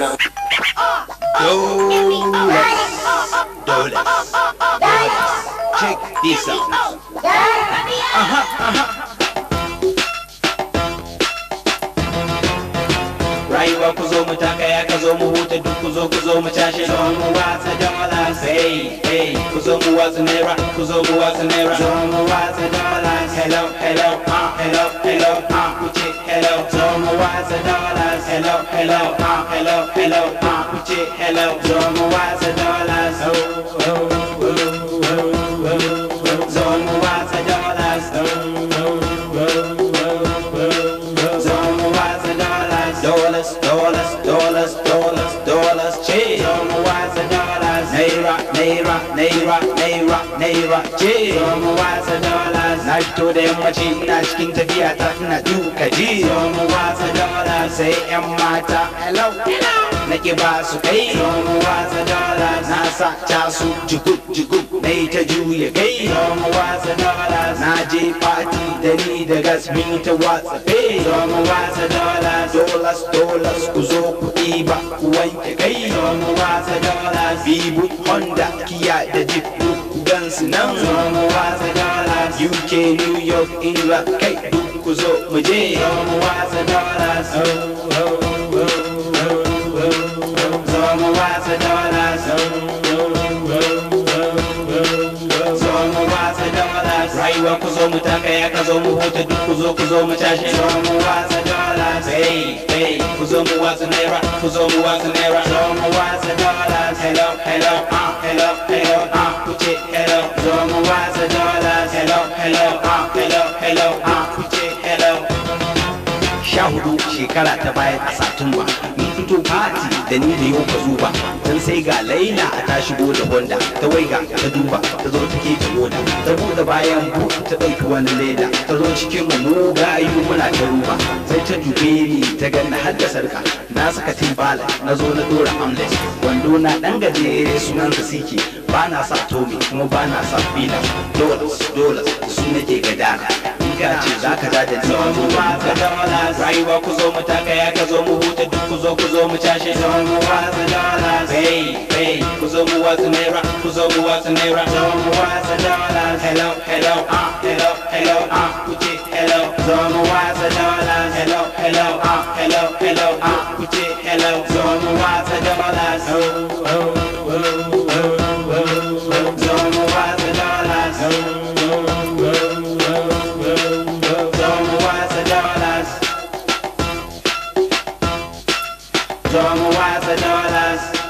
Dola. Dola. Dola. Check this out. Uh-huh, uh-huh. Rayuwa ku zo mu takaya ka zo mu huta duk ku zo dollars hey hey ku zo mu watsa naira ku zo mu watsa naira zo mu hello, hello, ah, hello, hello, ah, uche, hello, zomo waza dollars, hello, hello, ah, hello, hello, ah, uche, hello, zomo waza dollars, oh, oh, oh, oh, oh, oh, zomo waza dollars, oh, oh, oh, oh, oh, zomo waza dollars, dollars, dollars, dollars, dollars, dollars, cheese, zomo waza dollars, naira, naira, naira, naira, naira, cheese, zomo waza dollars. na fito da yammaci ina cikin tafiya ta ina duka ji so mu wasa dola sai yan mata hello na ki ba su kai so mu wasa dola na sa ta su jigu jigub na yi ta juya kai so mu wasa dola na je fati da ni da gas min ta watsa kai so mu wasa dola dolas dolas ku zo ku ɗiba ku wanke kai so mu wasa dola bibu honda kiya da jip ku gan nan so mu wasa dola UK, New York, Ingila, kai duk ku zo mu je. Zo mu dollars. dollars. dollars. Rayuwa ku zo mu taka ka zo mu huta duk zo ku zo mu tashi. Zomu mu dollars. Hey, Hey, who's Who's on the on the waza naira, kuzomu waza naira Zomu waza dollars Hello, hello, uh, hello, hello, uh, it, hello Zomu waza dollars Hello, hello, uh, hello, hello, uh, it, hello sha hudu shekara ta baya a satumba mun fito fati da ni da yau ka zuba dan sai ga laila ta shigo da honda ta waiga ta duba ta zo take ta gode ta buɗe bayan bu ta ɗauki wani leda ta zo cikin mu mu ayu muna ta ruba sai ta dube ni ta ganna har da sarka na saka timbala na zo na dora amlet. wando na ɗan gaje sunan ka siki ba na sa tomi kuma ba na sa bila dollars dollars su nake gadana ka ce za ka za ta ce rayuwa ku zo mu taka ya ka zo mu huta duk ku zo ku zo mu cashe don ruwa ka hey hey ku zo mu watsa naira ku zo mu watsa naira don ruwa ka hello hello ah hello hello ah ku hello don ruwa ka hello hello ah hello hello ah ku hello don ruwa ka oh oh dollars.